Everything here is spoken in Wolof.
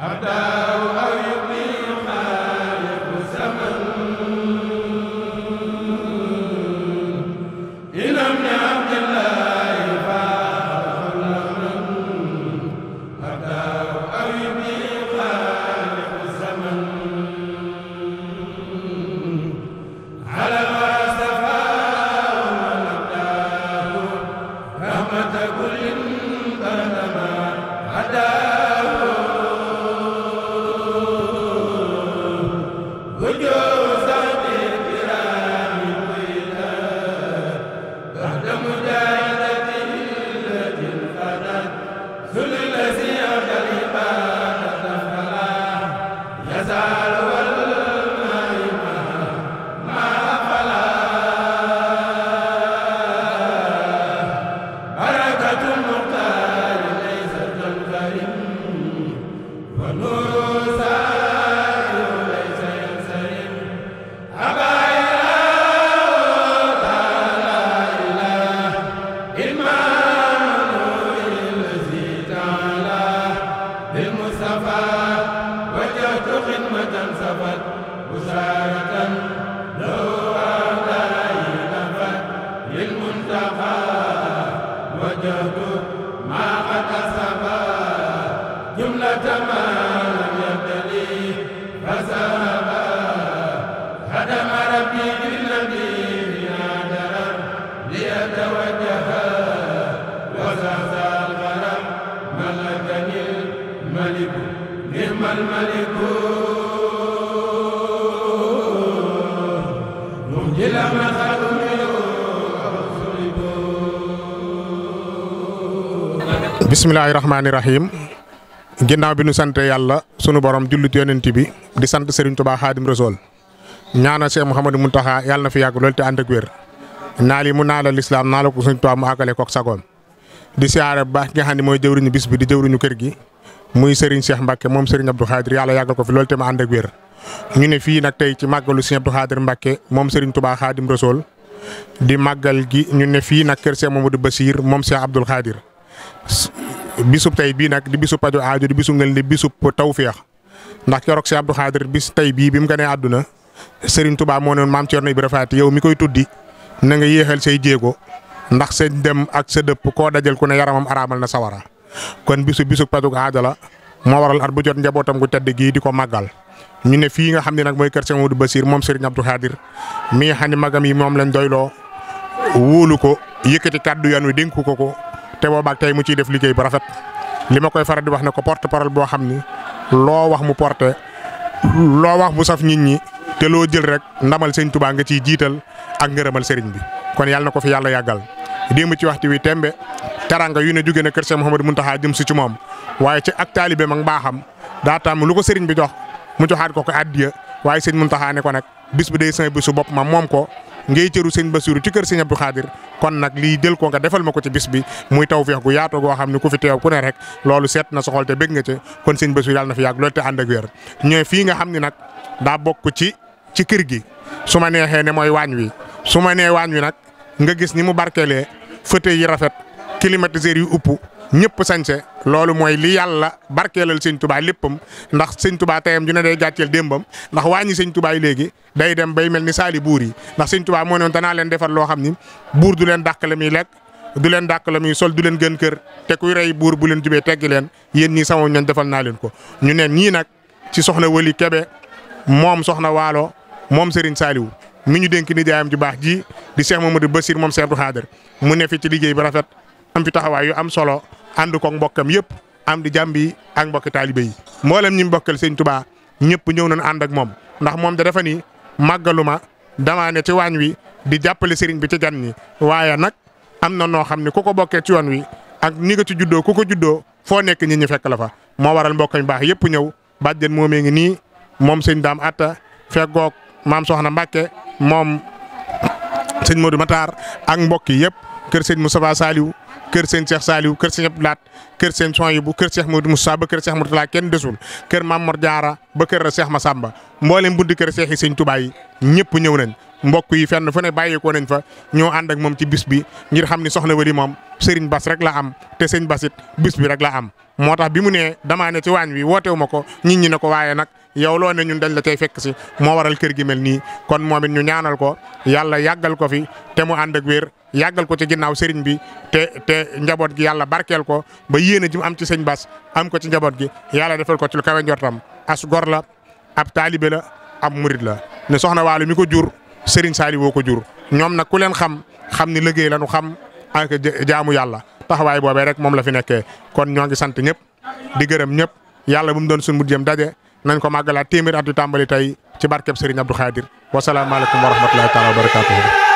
abda musafaa wajjahtu xidmatan safat busaaratan bismillaahi rahmaani rahiim ginnaaw bi nu sant yàlla sunu borom jullit yonent bi di sant Serigne Touba Xaadim Rasuul ñaanal Cheikh mu Mountakha yàlla na fi yàgg lool te ànd ak wér naal yi mu naala lislaam naala ko Serigne Touba mu àggale koog di siyaare bu baax nga xam mooy jëwriñu bis bi di jëwriñu kër gi. muy Serigne Cheikh Mbacke moom Serigne Abdou Khadir yàlla yàggal ko fi loolu te ma ànd ak ñu ne fii nag tey ci màggalu Serigne Abdou Khadir Mbacke moom Serigne Touba Khadim Rasoul di màggal gi ñu ne fii nag kër Cheikh Mamadou Bassir moom Cheikh Abdou Khadir bisub tey bii nag di bisub pajo aajo di bisu ngel di bisub tawféex ndax keroog Cheikh Abdou Khadir bis tey bii bi mu ko gënee àdduna Serigne tubaa moo ne maam Thierno Ibrahima Faty yow mi koy tuddi na nga yéexal say jéego ndax sa dem ak sa dëpp koo dajal ku ne yaramam araamal na sawara kon bisu bisu pajuk aada la moo waral at bu jot njabootam gu tedd gii di ko màggal ñu ne fii nga xam ne nag mooy kër Serigne Modou Bassir moom Serigne Abdou Khadir mi nga xam ne magam yi moom lañ doyloo wóolu ko yëkkati kàddu yan wi dénku ko ko te boobaag tey mu ciy def liggéey bu rafet li ma koy faral di wax ne ko porte parole boo xam ni loo wax mu porte loo wax mu saf nit ñi te loo jël rek ndamal Serigne Touba nga ciy jiital ak ngërëmal Serigne bi kon yàlla na ko fi yàlla yàggal. démb ci waxtu wi tembe teranga yu ne jóge na kër Cheikh Mouhamadou Mountakha jëm si ci moom waaye ci ak taalibeem ak mbaaxam daa tàmm lu ko sëriñ bi jox mu joxaat ko ko addiya waaye sëñ Mountakha ne ko nag bis bi day sëñ bi su bopp ma moom ko ngay cëru sëñ kër sëñ Abdou kon nag lii jël ko defal ma ko ci bi muy tawfeex gu yaatu goo xam ne ku fi teew ku ne rek loolu seet na soxol te bëgg nga ci kon sëñ Basiru yàlla na fi yàgg loolu te ànd ak wér ñooy fii nga xam ni nag daa bokk ci ci kër gi su ma neexee ne mooy waañ wi su ma nee waañ wi nag nga gis ni mu barkelee fauteuil yi rafet climatiseur yu upp ñëpp sañse loolu mooy li yàlla barkeelal sëñ tubaa léppam ndax sëñ tubaa tayam yu ne day gàcceel démbam ndax wàññi sëñ tubaa yi léegi day dem bay mel ni saali buur yi ndax sëñ tubaa moo noon danaa leen defar loo xam ni buur du leen dàq la muy lekk du leen dàq la muy sol du leen gën kër te kuy rey buur bu leen jubee teggi leen yéen ñii sama ñoon defal naa leen ko ñu ne ñii nag ci soxna wali kebe moom soxna waalo moom Serigne Saliou ji di Cheikh Mamadou Bassir moom Cheikh Abdou Khadir mu ne fi ci liggéey bi rafet am fi taxawaay yu am solo ànd ko mbokkam yëpp am di jàmbi ak mbokki taalibe yi mboolem ñi mbokkal sëñ Touba ñëpp ñëw nañ ànd ak moom ndax moom da dafa ni màggaluma ne ci waañ wi di jàppale sëriñ bi ci gan ñi waaye nag am na noo xam ne ku ko bokkee ci yoon wi ak ni nga ci juddoo ku ko juddoo foo nekk nit ñi fekk la fa moo waral mbokkañ baax yëpp ñëw bàjjen moomee ngi nii moom sëñ daam atta fekkoog sëñ Modou mataar ak mbokk yëpp kër sëñ Moustapha Saliou kër sëñ Cheikh Saliou kër sëñ Abdou Lahat kër sëñ Soyibu kër Cheikh Modou Moussa ba kër Cheikh Mourtala kenn desul kër Mamor Diarra ba kër Cheikh Massamba mboolem bunti kër Cheikh yi sëñ Touba yi ñëpp ñëw nañ mbokk yi fenn fu ne bàyyeekoo nañ fa ñoo ànd ak moom ci bis bi ngir xam ni soxna Wali moom Serigne Bass rek la am te sëñ Bass it bis rek la am moo tax bi mu nee damaa ne ci waañ wi wootewu ma ko nit ñi ne ko waaye nag yow loo ne ñun dañ la cay fekk si moo waral kër gi mel nii kon moom it ñu ñaanal ko yàlla yàggal ko fi te mu ànd ak wér yàggal ko ci ginnaaw sëriñ bi te te njaboot gi yàlla barkeel ko ba yéene ji mu am ci sëñ bas am ko ci njaboot gi yàlla defal ko ci lu kawe njortam as gor la ab taalibe la ab murid la ne soxna Waalo mi ko jur sëriñ Saali woo ko jur ñoom nag ku leen xam xam ni liggéey la ñu xam ak jaamu yàlla taxawaay boobee rek moom la fi nekkee kon ñoo ngi sant ñëpp di gërëm ñëpp yàlla bu mu doon suñu mujj jëm daje nañ ko màggalaat téeméer at yu tàmbali tey ci barkeb Serigne Abdou Khadir wasalaamaaleykum wa rahmatullahi taala wa barakatuhu